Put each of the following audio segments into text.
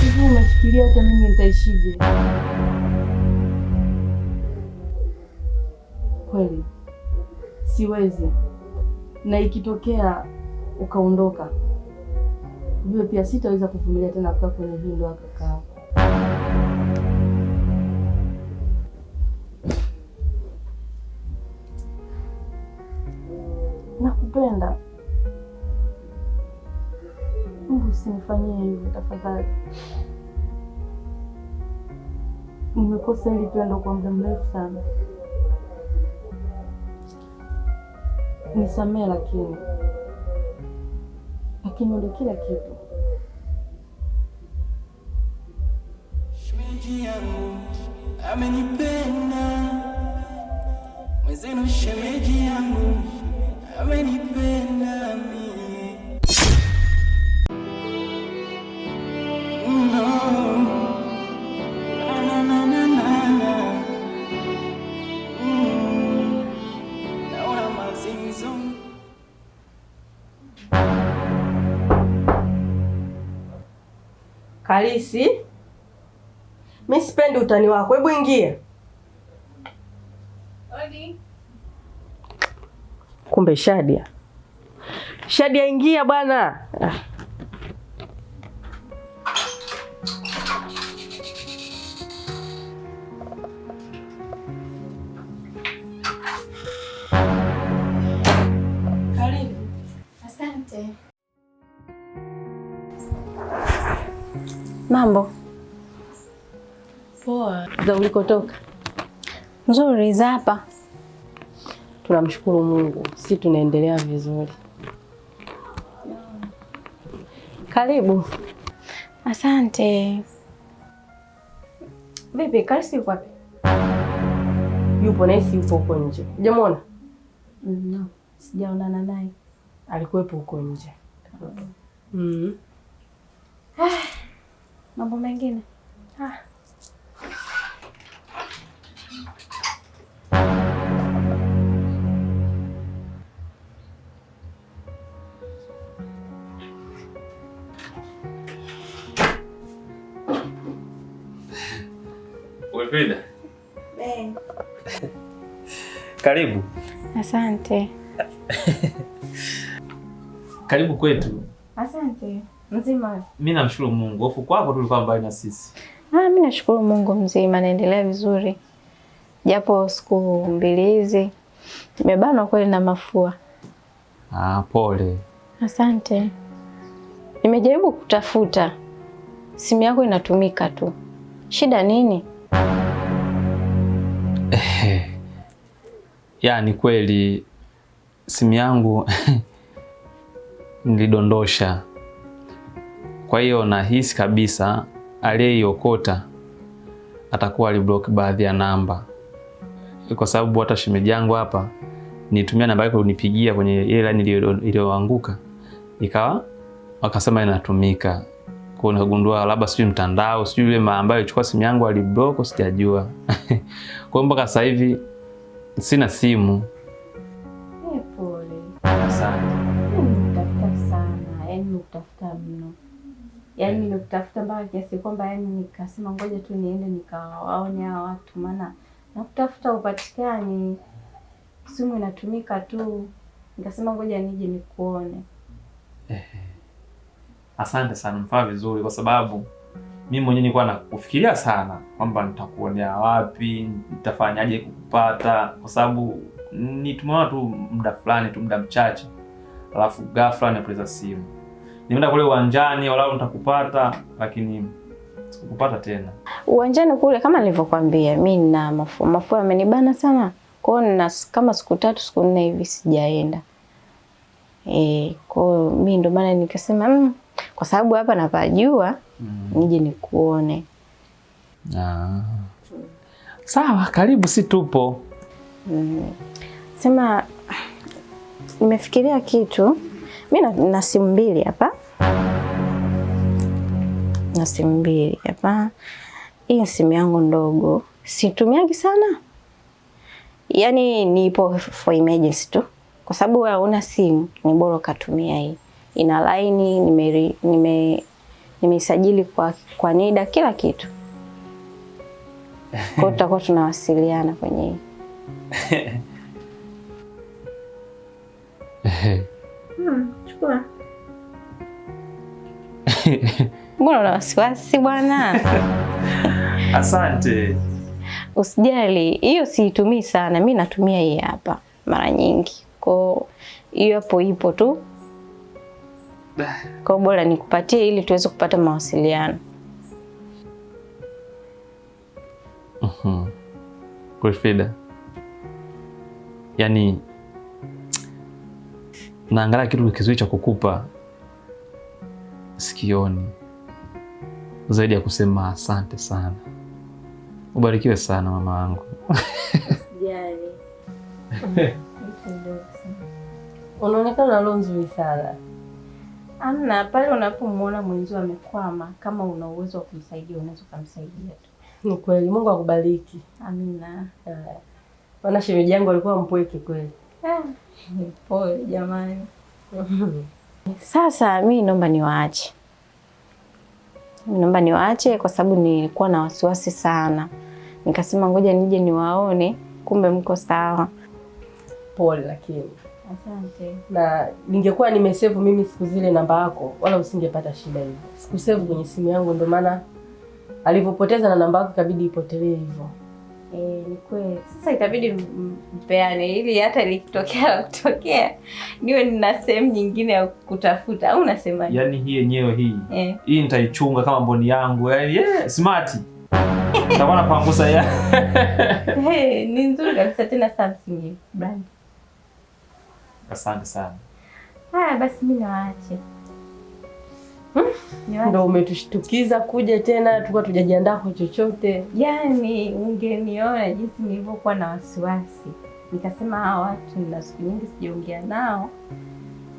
Hivi umefikiria hata mimi nitaishije kweli? Siwezi, na ikitokea ukaondoka, ujue pia sitaweza kuvumilia tena kukaa kwenye hii ndoa kaka. Nakupenda. Mungu usinifanyie hivyo tafadhali. Nimekosa hili pendo kwa muda mrefu sana, nisamee, lakini lakini ndio kila kitu. Shemeji yangu amenipenda, mwenzenu shemeji yangu amenipenda halisi. Mi sipendi utani wako, hebu ingia. Kumbe Shadia, Shadia, ingia bwana. Ah. Mambo poa. Za ulikotoka nzuri, za hapa tunamshukuru Mungu, si tunaendelea vizuri. Karibu. Asante. Vipi, Kalisi yuko wapi? Yupo naisi, yupo huko nje. Hujamwona? No, sijaonana naye. Alikuwepo huko nje. mm mambo mengine ah. Eh. Karibu. Asante. Karibu kwetu. Asante. Mzima. Mimi namshukuru Mungu. Hofu kwako tulikuwa mbali na sisi. Ah, mimi nashukuru Mungu mzima, naendelea vizuri, japo siku mbili hizi nimebanwa kweli na mafua. Ah, pole. Asante. Nimejaribu kutafuta simu yako inatumika tu, shida nini? Eh, yaani kweli simu yangu nilidondosha kwa hiyo nahisi kabisa aliyeiokota atakuwa aliblock baadhi ya namba, kwa sababu hata shemeji yangu hapa nitumia namba yake kunipigia kwenye ile line iliyoanguka, ikawa wakasema inatumika kwa, nagundua labda sijui mtandao sijui yule ambaye alichukua simu yangu aliblock, sijajua kwa mpaka sasa hivi sina simu. Pole sana. yaani yeah. Nimekutafuta mpaka kiasi kwamba yani nikasema ngoja tu niende nikawaone hao watu, maana nakutafuta upatikani, simu inatumika tu, nikasema ngoja nije nikuone. Eh, asante sana, mfaa vizuri, kwa sababu mimi mwenyewe nilikuwa nakufikiria sana kwamba nitakuonea wapi, nitafanyaje kukupata, kwa sababu ni tu muda fulani tu, muda mchache, alafu ghafla napoteza simu nimeenda kule uwanjani walau nitakupata, lakini sikupata tena uwanjani kule. Kama nilivyokuambia, mi nina mafua, mafua yamenibana sana kwao, na kama siku tatu siku nne hivi sijaenda e, kwao mi ndo maana nikasema mm, kwa sababu hapa napajua mm, nije nikuone. Ah. Sawa, karibu, si tupo mm. Sema nimefikiria kitu mi na simu mbili hapa na simu mbili. hapa hii simu yangu ndogo situmiagi sana, yaani nipo for emergency tu, kwa sababu wewe una simu, ni bora ukatumia hii. Ina line nime nime nimeisajili kwa kwa NIDA kila kitu, kwa tutakuwa tunawasiliana kwenye hii hmm, chukua Mbona una wasiwasi bwana? Asante. Usijali, hiyo siitumii sana, mi natumia hii hapa mara nyingi, kwa hiyo hapo ipo tu, kwa bora nikupatie ili tuweze kupata mawasiliano. Mm-hmm. yaani naangalia kitu kizuri cha kukupa sikioni zaidi ya kusema asante sana. Ubarikiwe sana mama wangu. Unaonekana roho nzuri sana. Amna pale unapomwona mwenzio amekwama, kama una uwezo wa kumsaidia unaweza kumsaidia tu. Ni kweli, Mungu akubariki. Amina. Maana shemeji yangu alikuwa mpweke kweli. Ah, Pole jamani. Sasa mi naomba niwaache naomba niwaache kwa sababu nilikuwa na wasiwasi sana. Nikasema ngoja nije niwaone, kumbe mko sawa. Pole lakini Asante. Na ningekuwa nimesevu mimi siku zile namba yako, wala usingepata shida hiyo. Sikusevu kwenye simu yangu, ndio maana alivyopoteza na namba yako ikabidi ipotelee hivyo. Eh, ni kweli. Sasa itabidi mpeane ili hata likitokea la kutokea niwe nina sehemu nyingine ya kutafuta, au unasemaje? Yani hii yenyewe hii eh, hii nitaichunga kama mboni yangu yaani, yeah, smart nitakuwa napangusa ya hey, ni nzuri kabisa tena Samsung brand. Asante sana. Haya basi, mimi nawaache. Hmm? Ndo yaani. umetushtukiza kuja tena, tukuwa tujajiandaa kwa chochote. yani ungeniona jinsi nilivyokuwa na wasiwasi, nikasema hawa watu na siku nyingi sijaongea nao,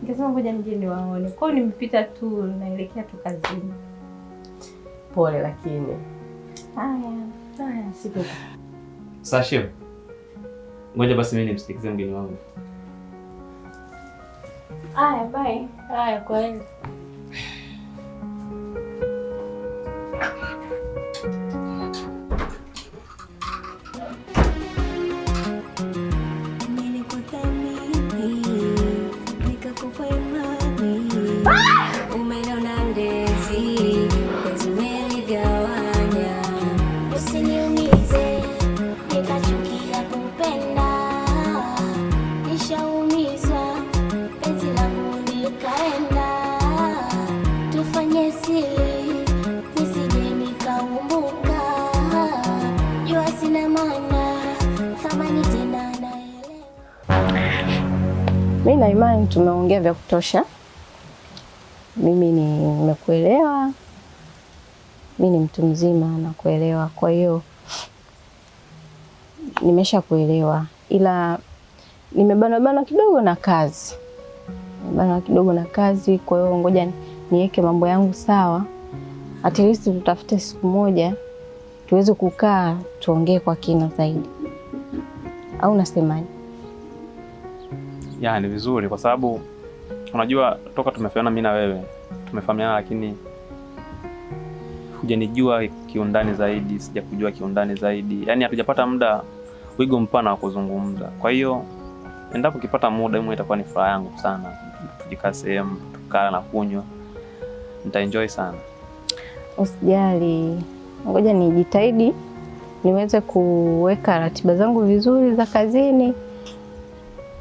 nikasema ngoja nije niwaone. Kwa hiyo nimepita tu, naelekea tu kazini. Pole lakini haya haya, siku Sashim, ngoja basi mimi nimsikize mgeni wangu. Haya, bye. Haya, kwaheri. Yeah. vya kutosha. Mimi nimekuelewa, mi ni mtu mzima na kuelewa kwa hiyo nimeshakuelewa, ila nimebanwabanwa kidogo na kazi, nimebanwa kidogo na kazi. Kwa hiyo ngoja niweke mambo yangu sawa, at least tutafute siku moja tuweze kukaa tuongee kwa kina zaidi, au nasemaje? ni vizuri, kwa sababu Unajua, toka tumefahamiana mimi na wewe tumefahamiana, lakini hujanijua kiundani zaidi, sijakujua kiundani zaidi, yaani hatujapata muda wigo mpana wa kuzungumza. Kwa hiyo endapo ukipata muda, mimi itakuwa ni furaha yangu sana, tujikaa sehemu tukala na kunywa, nitaenjoy sana. Usijali, ngoja nijitahidi niweze kuweka ratiba zangu vizuri za kazini,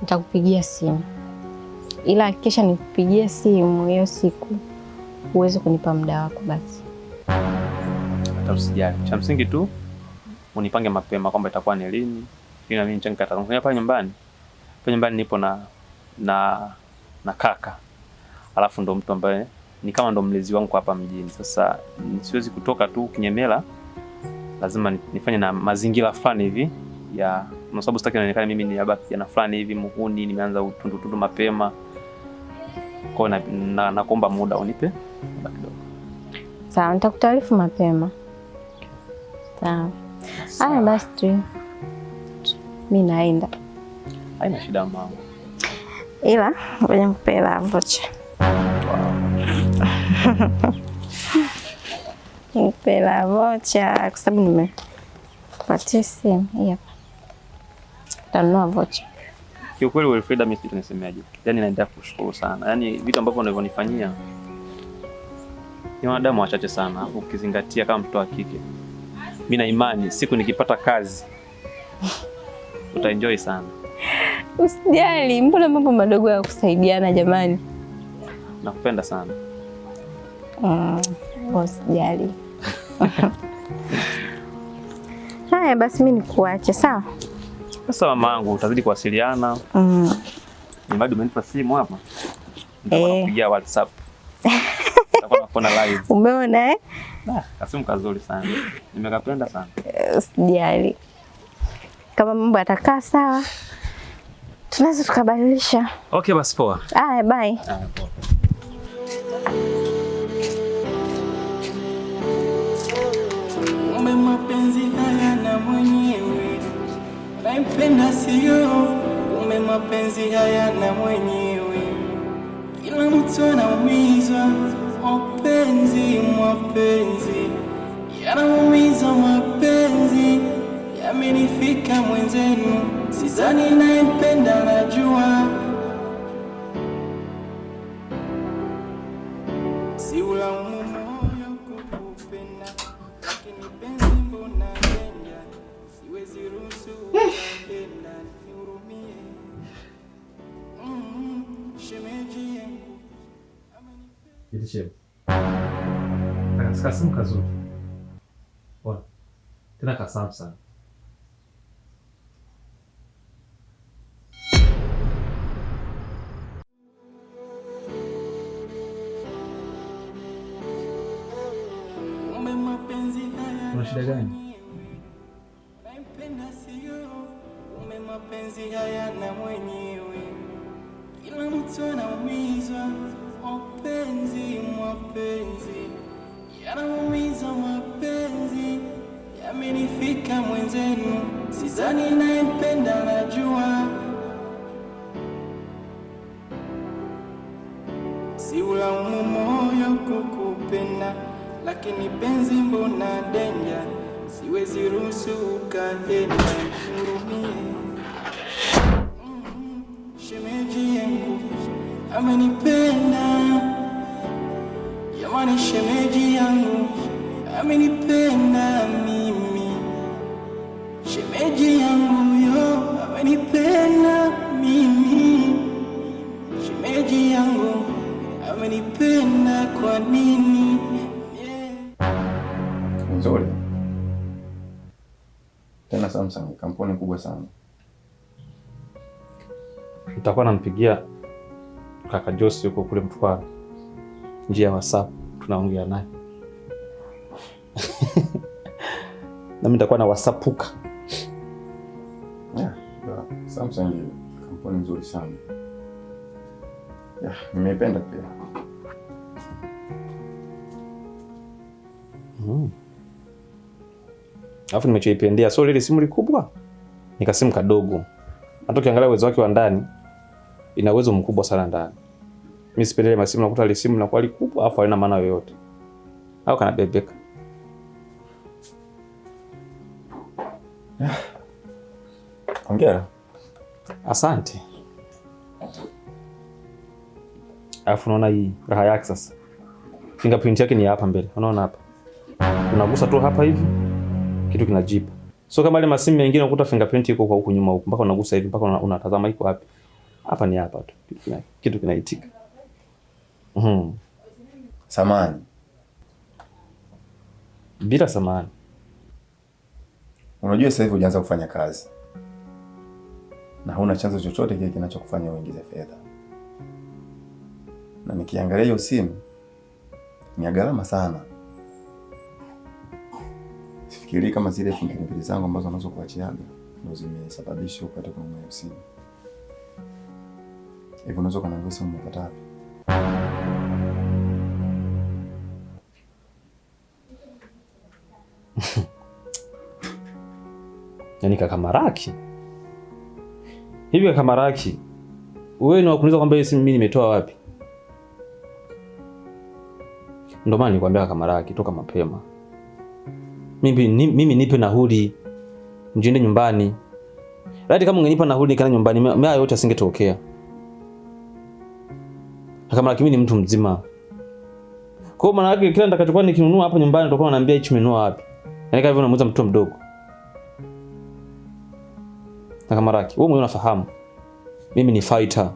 nitakupigia simu ila hakikisha nikupigie simu hiyo siku uweze kunipa muda wako basi. Hata usijali, cha msingi tu unipange mapema kwamba itakuwa ni lini, ili na nami nichange kataa hapa nyumbani. Pale nyumbani nipo na na na kaka, alafu ndo mtu ambaye ni kama ndo mlezi wangu hapa mjini. Sasa siwezi kutoka tu kinyemela, lazima nifanye na mazingira fulani hivi ya kwa sababu sitaki nionekane mimi ni labda kijana fulani hivi muhuni, nimeanza utundutundu mapema kwao. nakomba nakuomba na, na muda unipe muda kidogo. Sawa, nitakutaarifu mapema. Sawa. Haya basi tu. Mimi naenda. Haina shida mama. Ila kwenye mpela la vocha. Nikupe vocha kwa sababu nimepatia simu hapa. Tanunua vocha. Kiukweli Wilfrida, mimi sijui nisemaje, yaani naendelea kushukuru sana, yaani vitu ambavyo unavyonifanyia ni wanadamu wachache sana, afu ukizingatia kama mtoto wa kike, mimi na imani siku nikipata kazi utaenjoy sana. Usijali, mbona mambo madogo ya kusaidiana jamani. Nakupenda sana. Mm, usijali. Haya basi, mimi nikuache sawa. Sasa mama yangu, utazidi kuwasiliana mm. Ni umenipa simu hapa, nitakupigia eh. WhatsApp live. Umeona eh? Ah, kasimu kazuri sana, nimekapenda sana. Eh, sijali kama mambo atakaa sawa, tunaweza tukabadilisha. Okay, basi poa. Aya, bye. Aya, poa. Nimempenda sio ume, mapenzi haya na mwenyewe, kila mtu anaumizwa. Mapenzi mapenzi yanaumiza, mapenzi yamenifika mwenzenu, sizani nayempenda najua Nilichelewa. Akasika simu kazuri. Bora. Tena ka Samsung. Una shida gani? Mapenzi haya na mwenyewe, kila mtu anaumizwa mapenzi mapenzi yanaumiza, mapenzi yamenifika mwenzenu, sidhani naipenda, najua si ulaumu moyo kukupenda, lakini penzi mbona denja, siwezi ruhusu ukaenda, hurumie mm-hmm. shemeji yangu amenipenda ni shemeji yangu, amenipenda mimi. Shemeji yangu yo, amenipenda mimi. Shemeji yangu amenipenda kwa nini? Nzuri tena, Samsung kampuni kubwa sana. Nitakuwa nampigia kaka Josi huko kule Mtwara njia ya WhatsApp tunaongea naye nami nitakuwa nawasapuka. Yeah, Samsung kampuni nzuri sana yeah, nimependa pia mm. Alafu nimechoipendea so lile simu likubwa nikasimu kadogo, hata ukiangalia uwezo wake wa ndani, ina uwezo mkubwa sana ndani mimi sipendele masimu, nakuta ile simu inakuwa likubwa afu haina maana yoyote au kanabebeka. Hongera. Asante. Alafu naona hii raha yake sasa, fingerprint yake ni hapa mbele, unaona hapa, unagusa tu hapa hivi kitu kinajipa. So kama ile masimu mengine unakuta fingerprint iko kwa huku nyuma huku, mpaka unagusa hivi mpaka unatazama iko wapi. Hapa ni hapa tu kitu kinaitika. Mm. Samani bila samani, unajua sasa hivi ujaanza kufanya kazi na huna chanzo chochote kile kinachokufanya uingize fedha, na nikiangalia hiyo simu ni ya gharama sana. Sifikiri kama zile elfu mbili mbili zangu ambazo nazo kuachiaga ndio zimesababisha upate kununua hiyo simu. unaweza ukaniambia simu umepata wapi? yani kakamaraki. Hivi kakamaraki, wewe ni wakuuliza kwamba hiyo simu mimi nimetoa wapi? Ndio maana nikwambia kakamaraki toka mapema, mimi mimi nipe nauli njiende nyumbani. Laiti kama ungenipa nauli nikaenda nyumbani, mimi yote asingetokea. Kakamaraki, mimi ni mtu mzima. Kwa maana yake kila nitakachokuwa nikinunua hapa nyumbani nitakuwa naambia hichi umenunua wapi. Yaani kama vile unamuuza mtoto mdogo na Kamaraki. wewe mwenyewe unafahamu mimi ni fighter.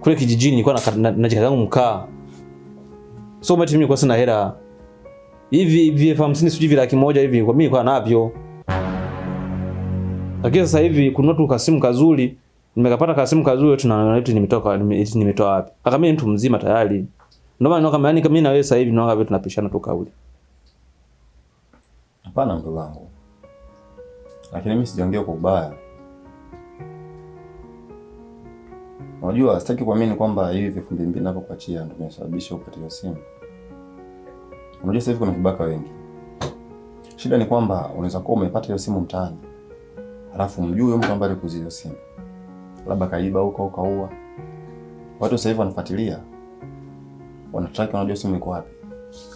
Kule kijijini nilikuwa najikaza zangu mkaa, so mimi nilikuwa sina hela hivi hivi elfu hamsini sijui hivi laki moja hivi kwa mimi nilikuwa navyo, lakini sasa hivi kununua tu kasimu kazuri nimekapata kasimu kazuri, tuna eti nimetoka eti nimetoa wapi? Kaka mimi mtu mzima tayari, ndio maana kama yani mimi na wewe sasa hivi naona vitu tunapishana tu kauli. Hapana, mdogo wangu lakini mimi sijaongea kwa ubaya. Unajua, sitaki kuamini kwamba hivi elfu mbili mbili navyokuachia ndio inasababisha upate simu. Unajua sasa hivi kuna vibaka wengi. Shida ni kwamba unaweza kuwa umepata hiyo simu mtaani, alafu mjui huyo mtu ambaye alikuuzia hiyo simu, labda kaiba huko, kaua. Watu sasa hivi wanafuatilia, wanatraki, wanajua simu iko wapi,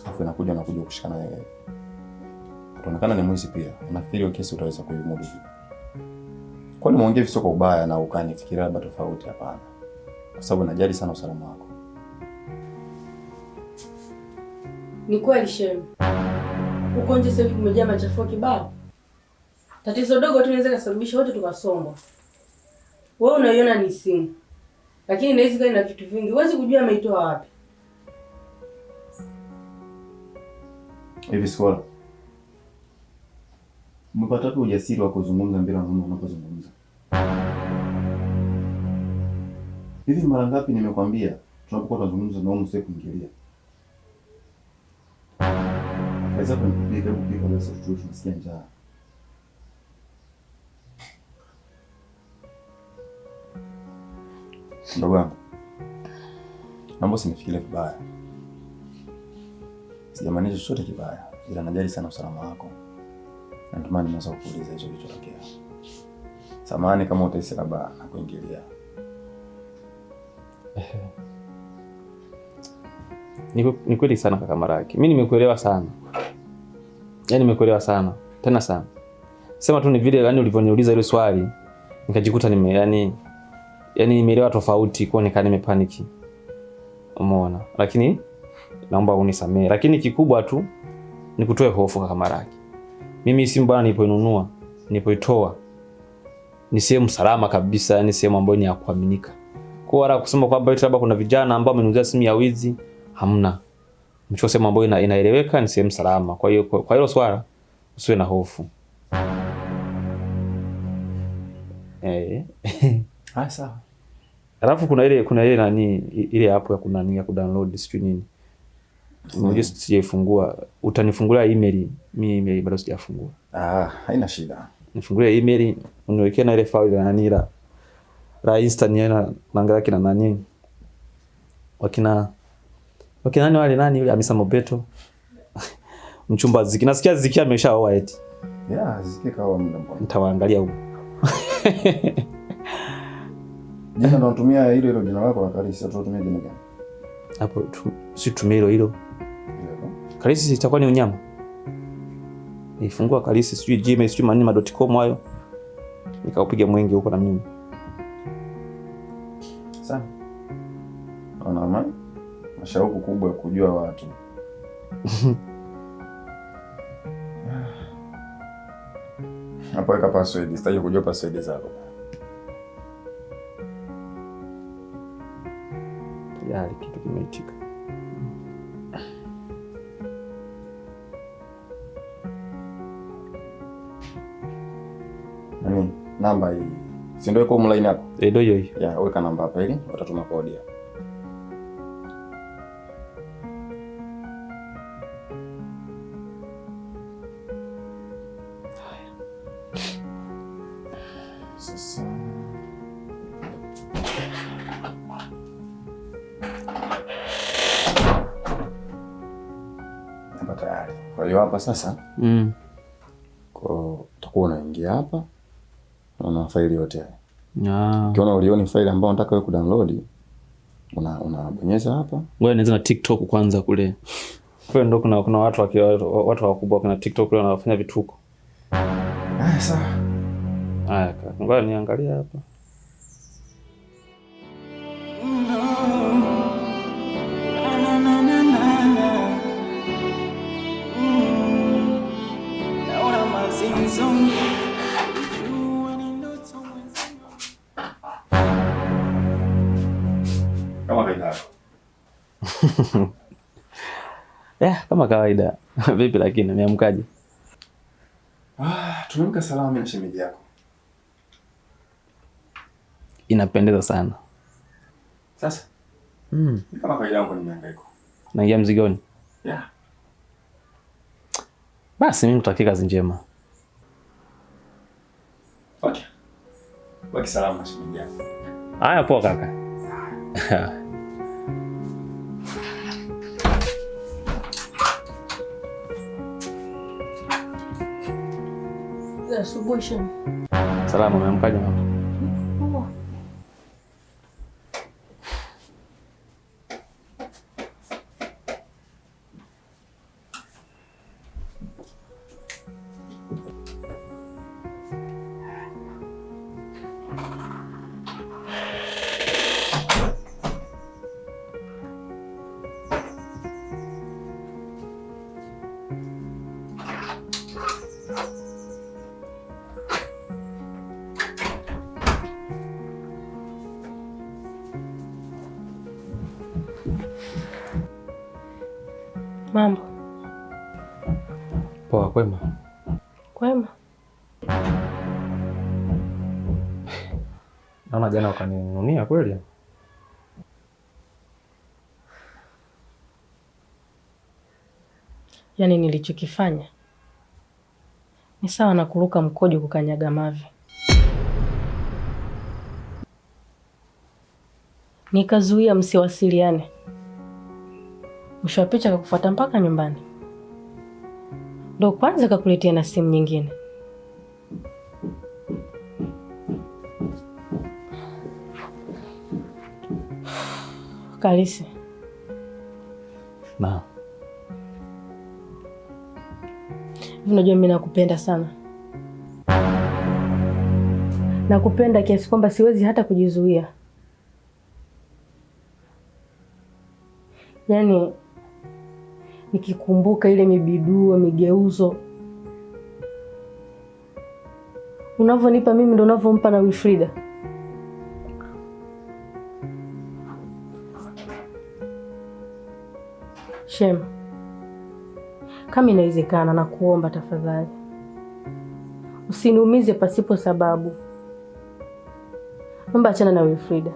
alafu inakuja nakuja kushikana wewe kuonekana ni mwizi pia. Nafikiri kesi utaweza kuimudu. nini mwongee viso kwa ubaya na ukanifikiria labda tofauti? Hapana, kwa sababu najali sana usalama wako. Ni kweli shem, uko nje sasa kumejaa machafuko kibao. Tatizo dogo tu inaweza kusababisha wote tukasongwa. Wewe unaiona ni simu, lakini inaweza kuwa ina vitu vingi, huwezi kujua ameitoa wapi. Hivi swala Umepata tu ujasiri wa kuzungumza mbele ya mama unapozungumza? Hivi mara ngapi nimekwambia tunapokuwa tunazungumza na umu kuingilia. Kaza kwa nipige hebu kwa leo sasa tunasikia njaa. Ndugu yangu. Naomba usinifikirie vibaya. Sijamaanisha chochote kibaya, ila najali sana usalama wako na ndio maana nimeanza kukuuliza hicho kilichotokea. Samahani kama utahisi labda nakuingilia. Ni kweli sana kaka Maraki, mimi nimekuelewa sana, yaani nimekuelewa sana tena sana. Sema tu ni vile yani ulivyoniuliza ile swali nikajikuta nime yani yani nimeelewa tofauti, kwa nika nimepaniki. Umeona, lakini naomba unisamehe, lakini kikubwa tu ni kutoe hofu kaka Maraki. Mimi simu bwana, nilipoinunua nilipoitoa ni sehemu salama kabisa, yani sehemu ambayo ni ya kuaminika. Kwa wala kusema kwamba eti labda kuna vijana ambao wamenunua simu ya wizi, hamna. Mchukua sehemu ambayo ina, inaeleweka ni sehemu salama. Kwa hiyo kwa hilo swala usiwe na hofu. Eh. Hasa. Ah, Alafu kuna ile kuna ile nani ile hapo ya kunani ya kudownload sijui nini. Unajua mm. sijaifungua. Utanifungulia email, mimi email bado sijafungua. Ah, haina shida. Nifungulie email, uniwekee na ile faili ya nani la la Insta ni na nangara kina nani. Wakina wakina nani wale nani yule Hamisa Mobeto. Mchumba Ziki. Nasikia Ziki ameshaoa eti. Yeah, Ziki kaoa muda mbona. Nitawaangalia huko. Jina ndio natumia hilo hilo jina lako wakati sio tunatumia jina gani? Hapo tu si tumia hilo hilo. Kalisi itakuwa ni unyama. Nifungua Kalisi sijui Gmail sijui manini madotcom hayo. Nikaupiga mwenge huko na mimi. Sana. Ana amani. Mashauku kubwa ya kujua watu. Hapo weka password, sitaki kujua password zako. Tayari kitu kimeitika. namba hii si ndio iko online hapo? Eh, ndio hiyo hiyo. Ya, weka namba hapa ili watatuma kodi. Hapa tayari. Kwa hiyo hapa sasa mm. Kwa utakuwa unaingia hapa una faili yote ah. Ukiona ulioni faili ambayo unataka wewe kudownload unabonyeza hapa. Ngoja nianze na TikTok kwanza kule. Kule ndo kuna kuna watu wa watu wakubwa kuna TikTok kule wanafanya vituko. Ah, sawa. Haya, ngoja niangalie hapa. Eh, kama kawaida yeah, kama kawaida vipi? Lakini ameamkaje? Ah, tumeamka salama, mimi na shemeji yako. Inapendeza sana. Sasa mm. kama kawaida yangu ni naingia mzigoni yeah. Basi mimi kutakia kazi njema. Okay. Baki salama shemeji yako. Haya, poa kaka. asubuhi. Salama, umeamkaje mama? Mambo poa? Kwema kwema. Naona jana ukaninunia kweli. Yaani nilichokifanya ni sawa na kuruka mkojo kukanyaga mavi. Nikazuia msiwasiliane Mwisho wa picha akakufuata mpaka nyumbani, ndo kwanza kakuletea na simu nyingine. Kalisi ma, unajua mimi nakupenda sana, nakupenda kiasi kwamba siwezi hata kujizuia, yaani nikikumbuka ile mibiduo migeuzo unavyonipa mimi ndo unavyompa na Wilfrida. Shem, kama inawezekana, na kuomba tafadhali usiniumize pasipo sababu. Naomba achana na Wilfrida.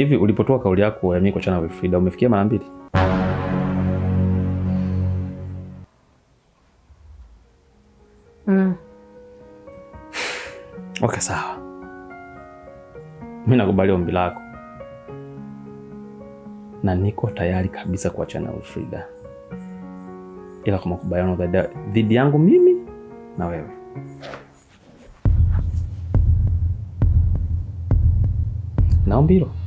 Hivi ulipotoa kauli yako yaani ya mimi kuachana na Wilfrida umefikia mara mbili? Mm. Okay, sawa. Mimi nakubali ombi lako na niko tayari kabisa kuachana na Wilfrida, ila kwa makubaliano dhidi yangu mimi na wewe. Naomba hilo